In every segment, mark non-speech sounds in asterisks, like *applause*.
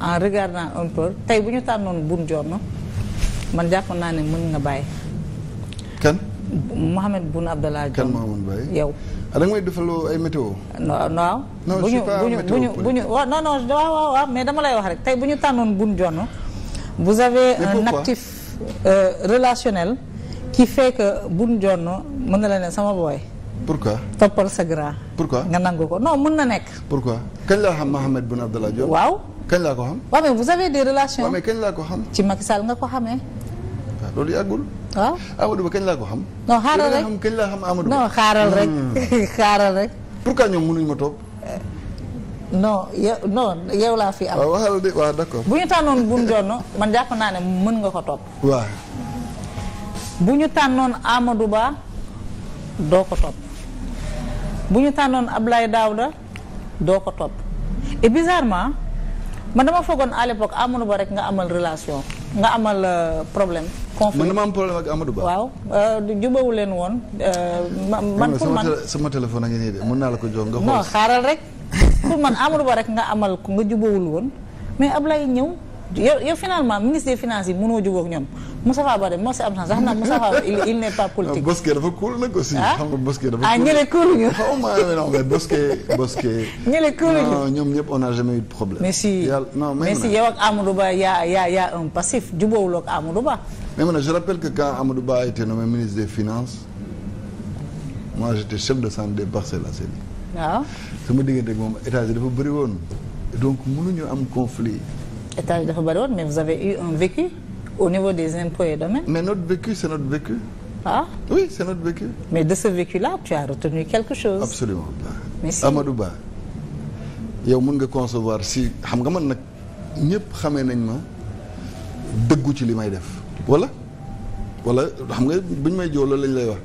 en regardant un peu tey bu ñu tànnoon Boun Dionne man jàpp naa ne mën nga bàyyi. kan. Mohamed Boun Abdallah Dionne. kan Mohamed bàyyi ah, météo. non non. non mais dama lay wax rek tey bu ñu tànnoon Boun Dionne. vous avez un actif euh, relationnel qui fait que Boun mën na la ne sama booy. pourquoi. toppal sa grand. pourquoi nga nangu ko non mën na nekk. pourquoi kañ la xam Mohamed Boun waaw. kañ laa ko xam. waaw mais vous avez des relations. waaw mais kañ laa ko xam. ci Macky Sall nga ko xamee. waaw ah, loolu yàggul. waaw Amadou Ba kañ laa ko xam. non xaaral rek kañ laa xam Amadou Ba. non rek hmm. *laughs* xaaral rek. pourquoi ñoom mënuñ ma topp. Euh, non yow non yow laa fi am. Ah, waaw waxal bu ñu tànnoon Boun Dionne man jàpp naa ne mën nga ko topp. waaw. bu ñu tànnoon Amadou Ba doo ko topp bu ñu tànnoon Abdoulaye Daouda doo ko topp et bizarrement. man dama foogoon à l'époque Amadou Ba rek nga amal relation nga amal euh, problème. conflit man dama am problème ak Amadou Ba. waaw euh, jubawu leen woon. Euh, man pour man sama téléphone a ngi nii de mën naa la ko jox nga. xool non xaaral rek *laughs* pour man Amadou Ba rek nga amal nga jubawul woon mais Ablaye ñëw. yow yow finalement ministre des finances yi mënoo jubóog ñoom Moustapha Ba de moo si am chance xam naa sa il il n'est pas politique. Bosquet dafa cool nag aussi. Ah? xam nga Bosquet dafa ah, cool ah ñële cool ñu. xaw ma non mais Bosquet Bosquet. *laughs* ñële cool ñu non ñoom ñëpp on a jamais eu de problème. mais si yàlla non mais si yow ak Amadou Ba yaa yaa yaa un passif jubóowuloo ak Amadou Ba. mais man je rappelle que quand Amadou Ba a été nommé ministre des finances moi j'étais chef de centre des Parcelles Assainies. waaw ah. sama diggante ak moom état dafa bëri woon donc mënuñu am étage dafa bari woon mais vous avez eu un vécu au niveau des impôts et domaines. mais notre vécu c'est notre vécu. ah oui c'est notre vécu. mais de ce vécu là tu as retenu quelque chose. absolument mais si Amadou Ba yow mën nga concevoir si xam nga man nag ñëpp xamee nañ ma dëggu ci li may def wala wala xam nga bu ñu may jox loolu lañ lay wax.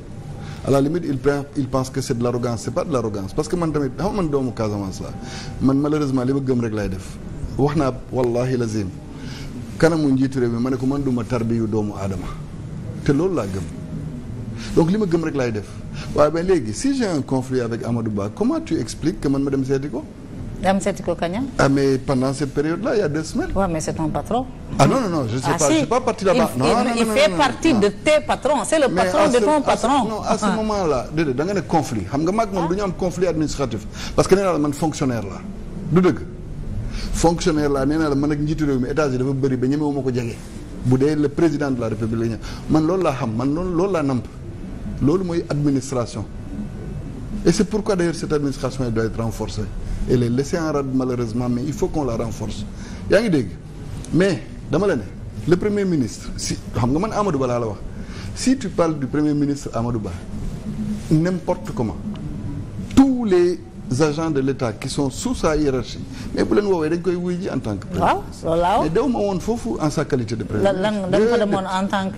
à la limite il pense il pense que c'est de l'arrogance c'est pas de l'arrogance parce que man tamit xam man doomu Casamance la man malheureusement li ma gëm rek laay def. wax naa wallahi lazim kanamu njiitu réew mi ma ne ko man du ma tarbiyu doomu aadama te loolu laa gëm donc li ma gëm rek laay def waaye ba léegi si j'ai un conflit avec Amadou Ba comment tu expliques que man ma dem seeti ko. dem seeti ko kañam. ah mais pendant cette période là il a deux semaines. waaw c'est ton patron. ah non non non je ah, je suis pas il fait partie de tes patrons. c'est le patron de ton patron. non ce ah. moment là déedéet ne conflit xam nga maag moom du ñu am conflit administratif parce la man fonctionnaire laa nee la man ak njiitu réew mi états yi dafa bëri ba ñemewuma ko jege bu dee le président de la république la man loolu laa xam man loolu loolu laa namp loolu mooy administration et c'est pourquoi d'ailleurs cette administration elle doit être renforcée elle est laissée en rade malheureusement mais il faut qu'on la renforce yaa ngi dégg mais dama la ne le premier ministre si xam nga man Amadou laa la wax si tu parles du premier ministre Amadou Ba n'importe comment tous les agents de l'État qui sont sous sa hiérarchie mais bu leen woowee dañ koy wuy ji en tant que président mais dew ma woon foofu en sa qualité de président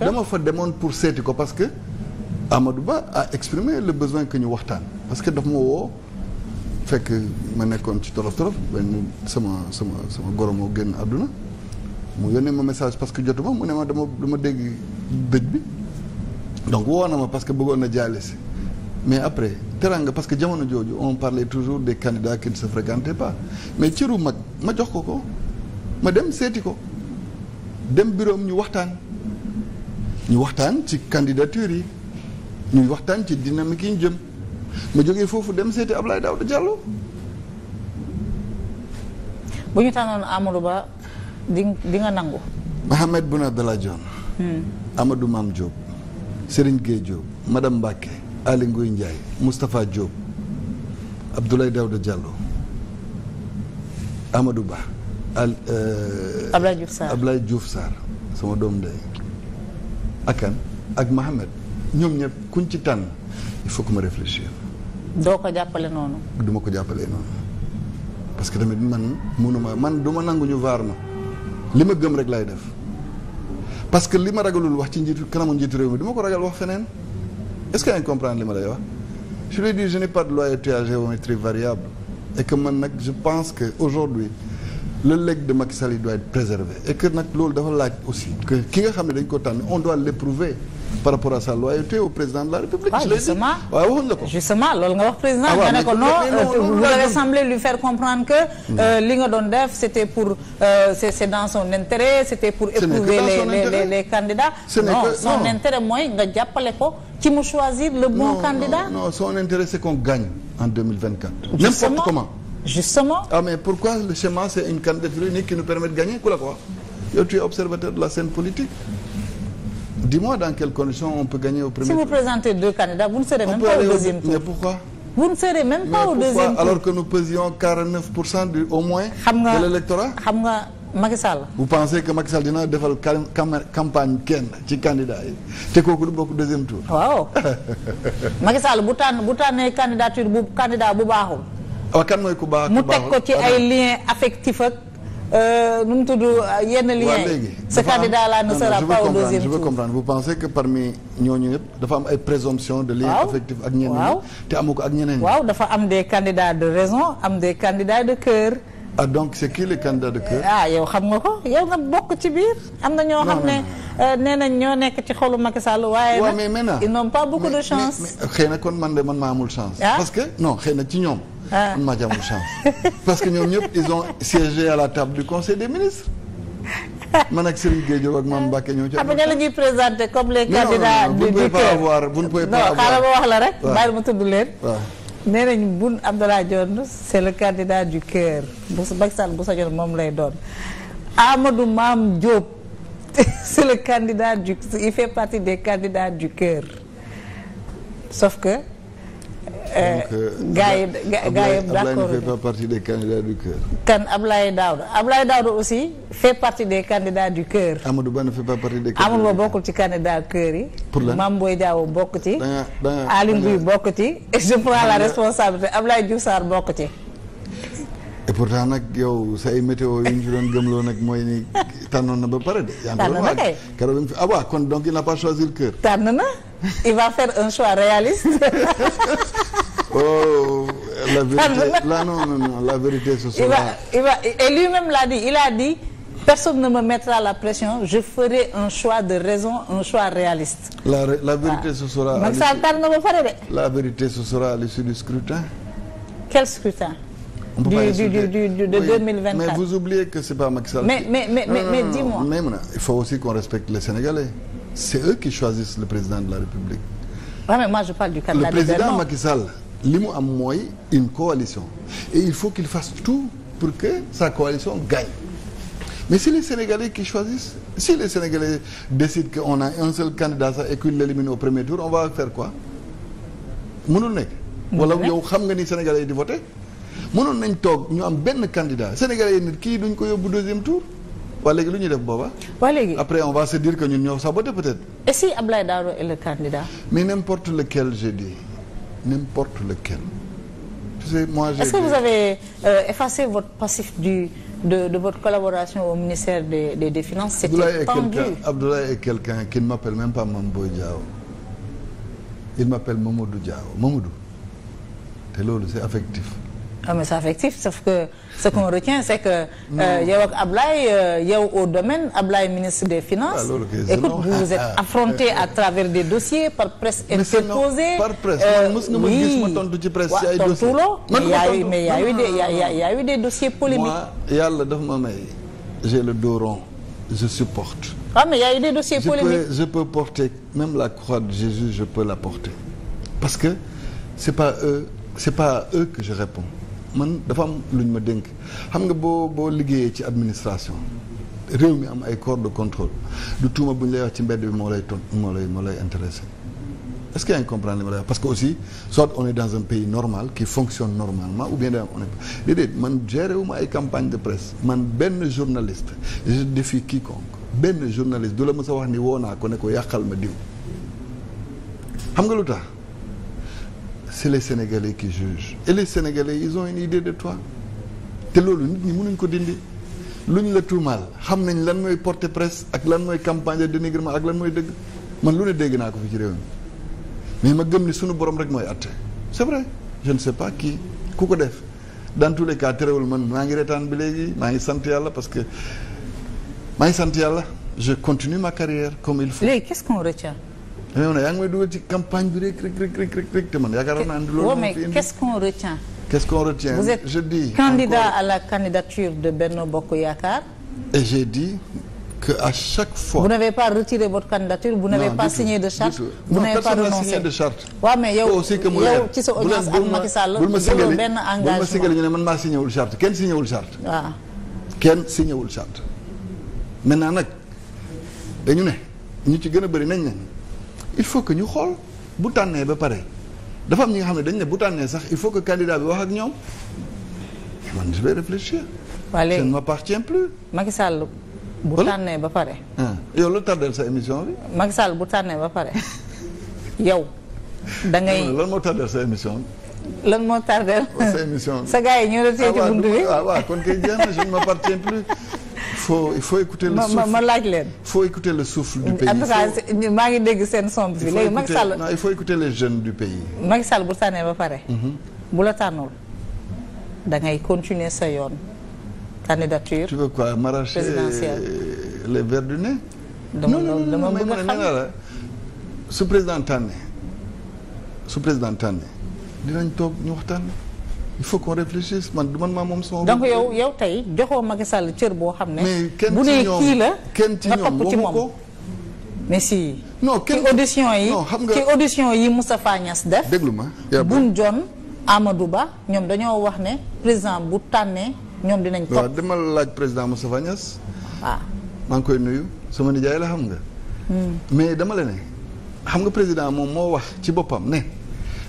dama fa demoon pour seeti ko parce que Amadou Ba a exprimé le besoin que ñu waxtaan parce que daf ma woo fekk ma nekkoon ci tolof tolof benn sama sama sama goro moo génn àdduna mu yónnee ma message parce que jotuma mu ne ma dama dama dégg dëj bi donc woo na ma parce que bëggoon na jaale si mais après teraanga parce que jamono jooju on parlait toujours de candidats qui sa se pas mais cëru mag ma jox ko ko ma dem seeti ko dem bureau ñu waxtaan ñu waxtaan ci candidature yi ñu waxtaan ci dynamique yi ñu jëm ma jógee foofu dem seeti Ablaye Daouda Diallo. bu ñu tànnoon Amadou Ba di di nga nangu. Mohamed Boun Abdallah Dionne. Hmm. Amadou Mame Diop. Serigne Gueye Diop madame Mbacké. Aly Ngouille Ndiaye Moustapha Diop Abdoulaye Daouda Diallo Amadou Ba al euh, Abdoulaye Diouf Sarr Abdoulaye Diouf Sarr sama doom de akan ak Mohamed ñoom ñëpp kuñ ci tànn il ma réfléchir. doo ko jàppale noonu. du ma ko jàppale noonu parce que tamit man mënuma man du ma nangu ñu vaar ma li ma gëm rek laay def parce que li ma ragalul wax ci njiitu kanamu njiitu réew mi du ko ragal wax feneen. est-ce que yaa comprendre li ma lay wax je lui ai dit je n'ai pas de loyauté à géométrie variable et que man nag je pense que aujourd'hui le legs de Macky Sall doit être préservé e que nag loolu dafa laaj aussi que ki nga xam ne dañ ko tànn on doit l'éprouver par rapport à sa loyauté au président de la République. waaw justement waaw waxoon justement loolu nga président. Ah, euh, non vous avez semblé lui faire comprendre que. Hmm. Euh, li nga doon def c' était pour euh, c' est dans son intérêt c' pour éprouver les candidats. non son intérêt mooy nga jàppale ko ci mu choisir le bon candidat. non non son intérêt c' est qu'on gagne en n'importe comment. justement ah pourquoi le schéma c' une candidature unique qui nous permet de gagner ku la ko di moi dans quelles conditions on peut gagner au premier tour. Si pou présentez deux candidats, vous ne serez on même pas au deuxième tour. Mais pourquoi? Vous ne serez même mais pas au deuxième tour. Alors que nous pesions 49% au moins xam nga, de l'électorat. Xam nga Macky Sall. Vous pensez que Macky Sall dina defal campagne kenn ci candidat yi te kooku du bokk deuxième tour. Waaw. *laughs* Macky Sall bu tànn bu tànnee candidature bu candidat bu baaxul. Waaw kan mooy ku baax ku baaxul. ak Euh, nu mu tudd euh, yenn liens yi ce candidat là ne sera pas au deuxième tour je veux comprendre vous pensez que ñooñu yëpp dafa am ay présomption de lien affectif ak ñeneen waaw te amu ko ak ñeneen waaw dafa am des candidats de raison am des candidats de cœur ah donc c'est qui les candidats de cœur ah yow xam nga ko yow nga bokk ci biir am na ñoo xam ne euh, nee nañ ñoo nekk ci xolu Macky Sall waaye nag ils n'ont pas beaucoup de chance xëy na kon man de man ma amul chance ah? parce que non xëy na ci ñoom am ah. parce que ñoom ñëpp ils ont à la table du conseil des ministres man ak Serigne Gueye ak Mame Mbacké ñoo ci am du cœur vous ne ma wax la rek bàyyi ma tudd leen waaw nee nañ Boun Abdallah c'est le candidat du cœur bu sa Sall bu sañoon moom lay doon Amadou Mame Diop *laughs* c'est le candidat du il fait partie des candidats du cœur sauf que Eh, euh, gars yi gars yi d' accord ne fait pas partie des candidats du cœur. kan Ablaye Daouda fait partie des candidats du cœur. Amadou Ba ne fait pas partie des. Amadou Ba bokkul ci candidat cœur yi. pour la Mame Boye Diao bokk ci. da nga Aly Ngouille bokk ci. je prends la responsabilité Ablaye Diouf Sarr bokk ci. et pourtant nag yow say météo yu ñu fi doon nag mooy ni tànnoon na ba pare de. tànn na kay keroog ñu fi ah kon donc n'a *laughs* oh la vérité là non non non la vérité ce sera. il va lui-même l'a dit il a dit personne ne me mettra la pression je ferai un choix de raison un choix réaliste. la la vérité ah. ce la vérité ce sera à l'issue du scrutin. quel scrutin. on peut du, pas du, mais vous oubliez que c'est pas Macky mais mais mais dis-moi. il faut aussi qu'on respecte les Sénégalais c'est eux qui choisissent le président de la République. Ouais, mais moi je parle du candidat le président Macky Sall. li mu am mooy une coalition et il faut qu'il fasse tout pour que sa coalition gagne mais c'est les Sénégalais qui choisissent si les Sénégalais décident qu'on a un seul candidat sax et qu'il l'élimine au premier tour on va faire quoi mënul nekk wala yow xam nga ni Sénégalais yi di voter mënoon nañ toog ñu am benn candidat Sénégalais yi nit kii duñ ko yóbbu deuxième tour waa léegi lu ñuy def booba waa léegi après on va se dire que ñun ñoo saboté peut-être et mais n'importe lequel j'ai dit n'importe lequel. Tu sais, moi j'ai... Est-ce que vous avez euh, effacé votre passif de, de, votre collaboration au ministère des, des, des Finances C'était tendu. Abdoulaye est quelqu'un qui ne m'appelle même pas Mambo Diao. Il m'appelle Mamoudou Diao. Mamoudou. C'est affectif. ah mais c'est que ce qu'on retient c'est que. Euh, yow ak Ablaye euh, yow au domaine Ablaye ministre des finances. Ah, loolu kay écoute vous êtes ah, ah, affronté ah, à travers des dossiers par presse interposée. par presse man euh, mës nga ay dossiers mais y y a eu des dossiers polémiques. yàlla daf ma j'ai le dos rond je supporte. ah mais y a eu des dossiers polémiques. je peux porter même la croix de Jésus je peux la porter parce que c'est pas eux c'est pas à eux que je réponds. man dafa am lu ñu ma dénk xam nga boo boo liggéeyee ci administration réew mi am ay corps de contrôle du tuuma bu ñu lay wax ci mbedd bi moo lay ton moo lay moo lay intéressé est-ce que yaa ngi li ma lay wax parce que aussi soit on est dans un pays normal qui fonctionne normalement ou bien da on est déedéet man géré ay campagne de presse man benn journaliste je défie quiconque benn journaliste du la mës a wax ni woo naa ko ne ko yàqal ma diw xam nga lu tax c'est les Sénégalais qui jugent et les Sénégalais ils ont une idée de toi te loolu nit ñi mënuñ ko dindi luñ la tuumaal xam nañ lan mooy porté presse ak lan mooy campagne de dénigrement ak lan mooy dëgg man lu ne dégg naa ko fi ci réew mi ma gëm ni suñu borom rek mooy atte c'est vrai je ne sais pas qui ku ko def dans tous les cas terewul man maa ngi retaan bi léegi maa ngi sant yàlla parce que maa ngi sant yàlla je continue ma carrière comme il faut. léegi qu'est-ce qu'on mais man yaa ngi may dugal ci campagne bi rek rek rek rek te man yaakaar naa ne loolu. moo oh, fi indi qu'est-ce qu'on retient. je dis candidat à la candidature de Benno Bokk Yaakaar. et j'ai dit que à chaque fois. bu n'avez pas retiré votre candidature. vous n'avez pas signé de charte. vous n'avez pas renoncé waaw mais yow yow ci sa audience ak Macky Sall la. bul ma sigali benn engagement bul ma sigali ñu ne man maa kenn signé wul charte. waaw nag dañu ne ñu ci gën a bëri nañ nañ. il faut que ñu xool bu tànnee ba pare dafa am ñi nga xam ne dañ ne bu tànnee sax il faut que candidat bi wax ak ñoom man je vais réfléchir. ça ne m'appartient plus. Macky bu tànnee ba pare. Ah, yow la tardel sa émission bi. Macky Sall bu tànnee ba pare *laughs* yow. da ngay moo tardel sa émission bi. lan moo tardel. sa émission bi *laughs* sa gars yi ñoo la téye ah, ci bi. waaw ah, waaw kon kay jeex na je ne m'appartient plus. foo il faut écouter le souffle laaj leen. il le souffle du pays. en maa ngi dégg seen somb bi léegi Macky Sall. non il faut écouter les jeunes du pays. Macky Sall bu tànnee ba pare. Mhm. bu la tànnul da ngay continuer sa yoon. candidature tu veux quoi m'arracher les le du nez. dama dama bëgg a xam la su président tànnee su président tànnee dinañ toog ñu waxtaan. il faut qu'on réfléchisse man du man maa moom sama. donc yow yow tey joxoo Macky Sall cër boo xam ne. mais kenn ci ñoom bu dee kii la nga topp ci moom. mais si. non kenn ci audition yi ci audition de Moustapha Niass def. déglu ma Boun Dionne Amadou Ba ñoom dañoo wax ne président bu tànnee ñoom dinañ. topp waaw dama laaj président Moustapha Niass. waaw ah. maa ngi koy nuyu sama nijaay la xam nga. Hmm. mais dama la ne xam nga président moom moo wax ci boppam ne.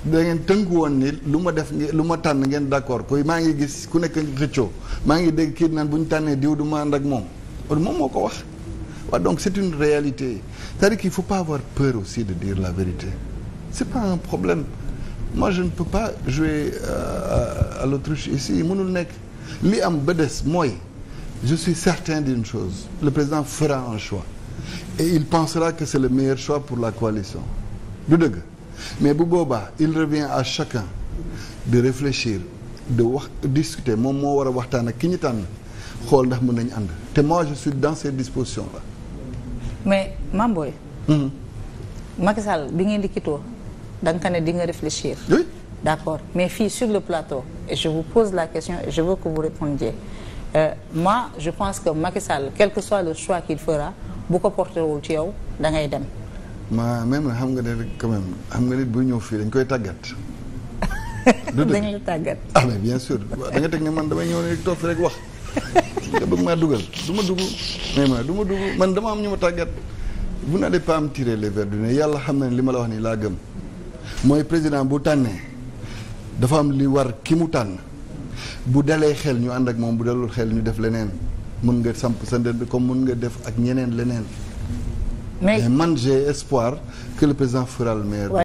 da ngeen tënk woon ni lu ma def lu ma tànn ngeen d'accord koy maa ngi gis ku nekk xëccoo maa ngi dégg kii naan bu ñu tànnee diw du ma ànd moom loolu moom moo ko wax waaw donc c'est une réalité c'est-à-dire qu'il faut pas avoir peur aussi de dire la vérité c'est pas un problème moi je ne peux pas jouer euh, à l'autruche ici mënul nekk li am ba des mooy je suis certain d'une chose le président fera un choix et il pensera que c'est le meilleur choix pour la coalition du dëgg mais bu boobaa il revient à chacun de réfléchir de wax discuter moom moo war a waxtaan ak ki ñu tànn xool ndax mën nañu ànd te moi je suis dans cette disposition là. mais Mame Boye. Mm-hmm. bi ngeen di kitoo da nga ne di nga réfléchir. oui d' accord mais fii sur le plateau et je vous pose la question et je veux que vous répondiez euh, je pense que Macky Sall quel que soit le choix qu'il fera bu ko porté wul ci yow da ngay dem. ma même xam nga ne quand même xam nga nit buy ñëw fii dañ koy tàggat. *laughs* dañ la tàggat. ah mais bien sûr da nga teg ne man damay ñëw ne rek toog fi rek wax nga bëgg maa dugal du ma dugg mais ma du dugg man dama am ñu ma tàggat. vous n'allez pas me tirer les verres du nez yàlla xam ne li ma la wax nii laa gëm mooy président bu tànnee dafa am li war ki mu tànn bu dalee xel ñu ànd ak moom bu dalul xel ñu def leneen mën nga samp sa ndënd comme mën nga def ak ñeneen leneen. mais man j'ai espoir que le président fera